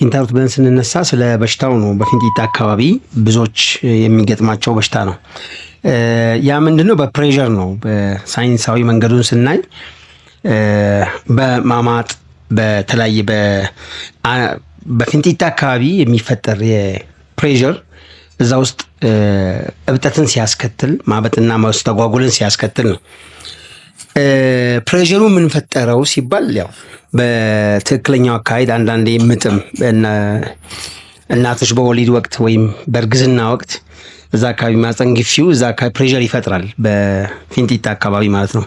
ኪንታሮት ብለን ስንነሳ ስለ በሽታው ነው። በፊንጢጣ አካባቢ ብዙዎች የሚገጥማቸው በሽታ ነው። ያ ምንድን ነው? በፕሬዠር ነው። በሳይንሳዊ መንገዱን ስናይ በማማጥ በተለያየ በፊንጢጣ አካባቢ የሚፈጠር የፕሬዠር እዛ ውስጥ እብጠትን ሲያስከትል ማበጥና መስተጓጉልን ሲያስከትል ነው። ፕሬሩ ምን ፈጠረው ሲባል ያው በትክክለኛው አካሄድ አንዳንዴ ምጥም እናቶች በወሊድ ወቅት ወይም በእርግዝና ወቅት እዛ አካባቢ ማፀን ግፊው እዛ አካባቢ ፕሬር ይፈጥራል፣ በፊንጢጣ አካባቢ ማለት ነው።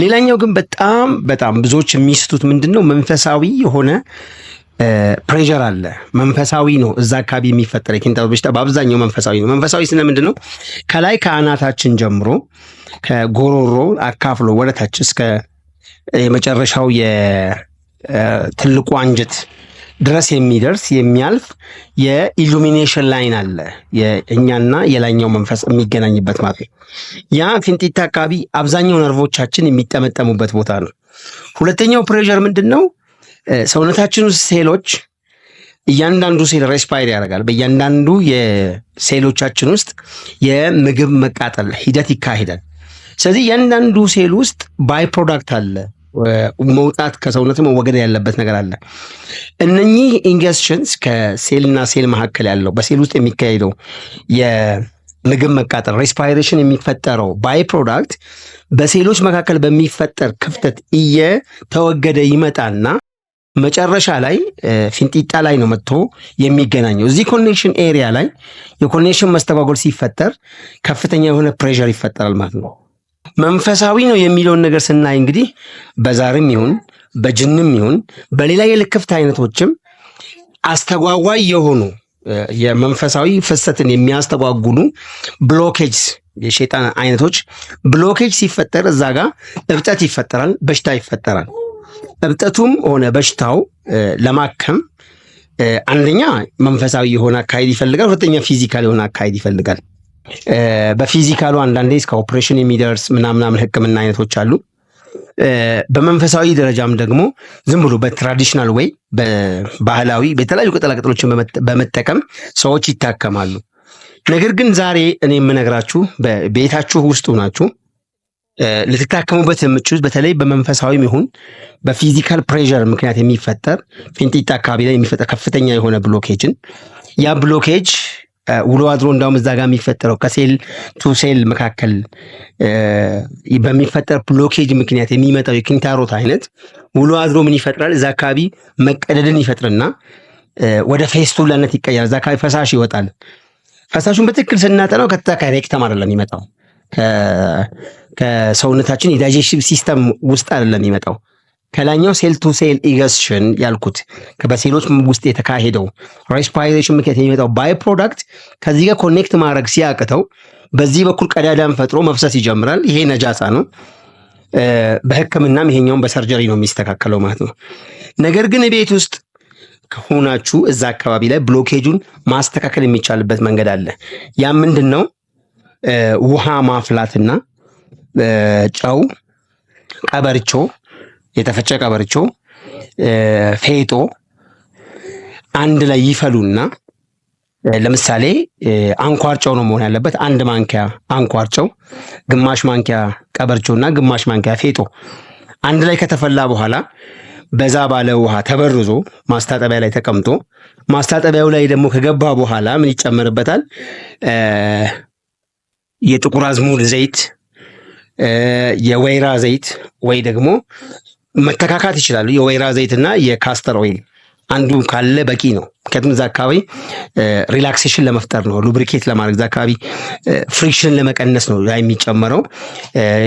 ሌላኛው ግን በጣም በጣም ብዙዎች የሚስቱት ምንድን ነው መንፈሳዊ የሆነ ፕሬር አለ። መንፈሳዊ ነው እዛ አካባቢ የሚፈጠር የኪንታሮት በሽታ በአብዛኛው መንፈሳዊ ነው። መንፈሳዊ ስነ ምንድን ነው ከላይ ከአናታችን ጀምሮ ከጎሮሮ አካፍሎ ወደታች እስከ የመጨረሻው የትልቁ አንጀት ድረስ የሚደርስ የሚያልፍ የኢሉሚኔሽን ላይን አለ። የእኛና የላይኛው መንፈስ የሚገናኝበት ማለት ነው። ያ ፊንጢጣ አካባቢ አብዛኛው ነርቮቻችን የሚጠመጠሙበት ቦታ ነው። ሁለተኛው ፕሬዠር ምንድን ነው? ሰውነታችን ውስጥ ሴሎች እያንዳንዱ ሴል ሬስፓይር ያደርጋል። በእያንዳንዱ የሴሎቻችን ውስጥ የምግብ መቃጠል ሂደት ይካሄዳል። ስለዚህ እያንዳንዱ ሴል ውስጥ ባይ ፕሮዳክት አለ፣ መውጣት ከሰውነት መወገድ ያለበት ነገር አለ። እነኚህ ኢንጌስሽንስ ከሴልና ሴል መካከል ያለው በሴል ውስጥ የሚካሄደው የምግብ መቃጠል ሬስፓይሬሽን የሚፈጠረው ባይ ፕሮዳክት በሴሎች መካከል በሚፈጠር ክፍተት እየተወገደ ይመጣና መጨረሻ ላይ ፊንጢጣ ላይ ነው መጥቶ የሚገናኘው። እዚህ ኮኔክሽን ኤሪያ ላይ የኮኔክሽን መስተጓጎል ሲፈጠር ከፍተኛ የሆነ ፕሬሸር ይፈጠራል ማለት ነው። መንፈሳዊ ነው የሚለውን ነገር ስናይ እንግዲህ በዛርም ይሁን በጅንም ይሁን በሌላ የልክፍት አይነቶችም አስተጓጓይ የሆኑ የመንፈሳዊ ፍሰትን የሚያስተጓጉሉ ብሎኬጅ የሸይጣን አይነቶች ብሎኬጅ ሲፈጠር እዛ ጋር እብጠት ይፈጠራል፣ በሽታ ይፈጠራል። እብጠቱም ሆነ በሽታው ለማከም አንደኛ መንፈሳዊ የሆነ አካሄድ ይፈልጋል፣ ሁለተኛ ፊዚካል የሆነ አካሄድ ይፈልጋል። በፊዚካሉ አንዳንዴ እስከ ኦፕሬሽን የሚደርስ ምናምናምን ህክምና አይነቶች አሉ። በመንፈሳዊ ደረጃም ደግሞ ዝም ብሎ በትራዲሽናል ወይ በባህላዊ የተለያዩ ቅጠላቅጠሎችን በመጠቀም ሰዎች ይታከማሉ። ነገር ግን ዛሬ እኔ የምነግራችሁ በቤታችሁ ውስጥ ናችሁ ልትታከሙበት የምችሉት በተለይ በመንፈሳዊም ይሁን በፊዚካል ፕሬዠር ምክንያት የሚፈጠር ፊንጢጣ አካባቢ ላይ የሚፈጠር ከፍተኛ የሆነ ብሎኬጅን ያ ብሎኬጅ ውሎ አድሮ እንዳውም እዛ ጋር የሚፈጠረው ከሴል ቱ ሴል መካከል በሚፈጠር ብሎኬጅ ምክንያት የሚመጣው የኪንታሮት አይነት ውሎ አድሮ ምን ይፈጥራል? እዛ አካባቢ መቀደድን ይፈጥርና ወደ ፌስቱላነት ይቀየራል። እዛ አካባቢ ፈሳሽ ይወጣል። ፈሳሹን በትክክል ስናጠናው ቀጥታ ከሬክተም አይደለም የሚመጣው ከሰውነታችን የዳይጀስቲቭ ሲስተም ውስጥ አይደለም የሚመጣው ከላይኛው ሴል ቱ ሴል ኢገስሽን ያልኩት በሴሎች ውስጥ የተካሄደው ሬስፓይሬሽን ምክንያት የሚመጣው ባይ ፕሮዳክት ከዚህ ጋር ኮኔክት ማድረግ ሲያቅተው በዚህ በኩል ቀዳዳን ፈጥሮ መፍሰስ ይጀምራል። ይሄ ነጃሳ ነው። በህክምናም ይሄኛውን በሰርጀሪ ነው የሚስተካከለው ማለት ነው። ነገር ግን ቤት ውስጥ ከሆናችሁ እዛ አካባቢ ላይ ብሎኬጁን ማስተካከል የሚቻልበት መንገድ አለ። ያ ምንድን ነው? ውሃ ማፍላትና ጨው፣ ቀበርቾ የተፈጨ ቀበርቾ፣ ፌጦ አንድ ላይ ይፈሉና ለምሳሌ አንኳር ጨው ነው መሆን ያለበት። አንድ ማንኪያ አንኳር ጨው፣ ግማሽ ማንኪያ ቀበርቾ እና ግማሽ ማንኪያ ፌጦ አንድ ላይ ከተፈላ በኋላ በዛ ባለ ውሃ ተበርዞ ማስታጠቢያ ላይ ተቀምጦ ማስታጠቢያው ላይ ደግሞ ከገባ በኋላ ምን ይጨመርበታል? የጥቁር አዝሙድ ዘይት፣ የወይራ ዘይት ወይ ደግሞ መተካካት ይችላሉ። የወይራ ዘይትና የካስተር ኦይል አንዱ ካለ በቂ ነው። ምክንያቱም እዛ አካባቢ ሪላክሴሽን ለመፍጠር ነው፣ ሉብሪኬት ለማድረግ እዛ አካባቢ ፍሪክሽንን ለመቀነስ ነው ያ የሚጨመረው።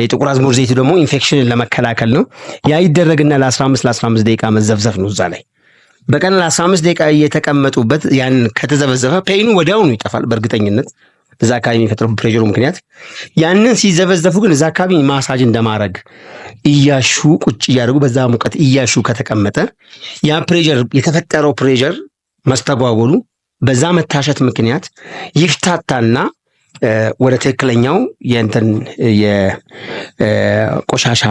የጥቁር አዝሙድ ዘይቱ ደግሞ ኢንፌክሽንን ለመከላከል ነው። ያ ይደረግና ለ15 ለ15 ደቂቃ መዘፍዘፍ ነው እዛ ላይ በቀን ለ15 ደቂቃ እየተቀመጡበት ያንን ከተዘበዘፈ ፔኑ ወዲያውኑ ይጠፋል በእርግጠኝነት። እዛ አካባቢ የሚፈጥረው ፕሬሩ ምክንያት ያንን ሲዘበዘፉ ግን እዛ አካባቢ ማሳጅ እንደማድረግ እያሹ ቁጭ እያደረጉ በዛ ሙቀት እያሹ ከተቀመጠ ያ ፕሬር የተፈጠረው ፕሬር መስተጓጎሉ በዛ መታሸት ምክንያት ይፍታታና ወደ ትክክለኛው የንትን የቆሻሻ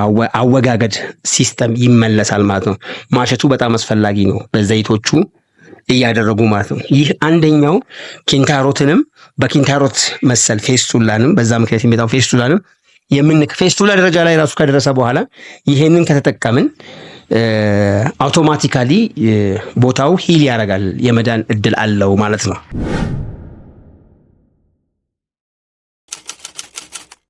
አወጋገድ ሲስተም ይመለሳል ማለት ነው። ማሸቱ በጣም አስፈላጊ ነው። በዘይቶቹ እያደረጉ ማለት ነው። ይህ አንደኛው ኪንታሮትንም በኪንታሮት መሰል ፌስቱላንም በዛ ምክንያት የሚመጣው ፌስቱላንም የምን ፌስቱላ ደረጃ ላይ ራሱ ከደረሰ በኋላ ይሄንን ከተጠቀምን አውቶማቲካሊ ቦታው ሂል ያደርጋል፣ የመዳን እድል አለው ማለት ነው።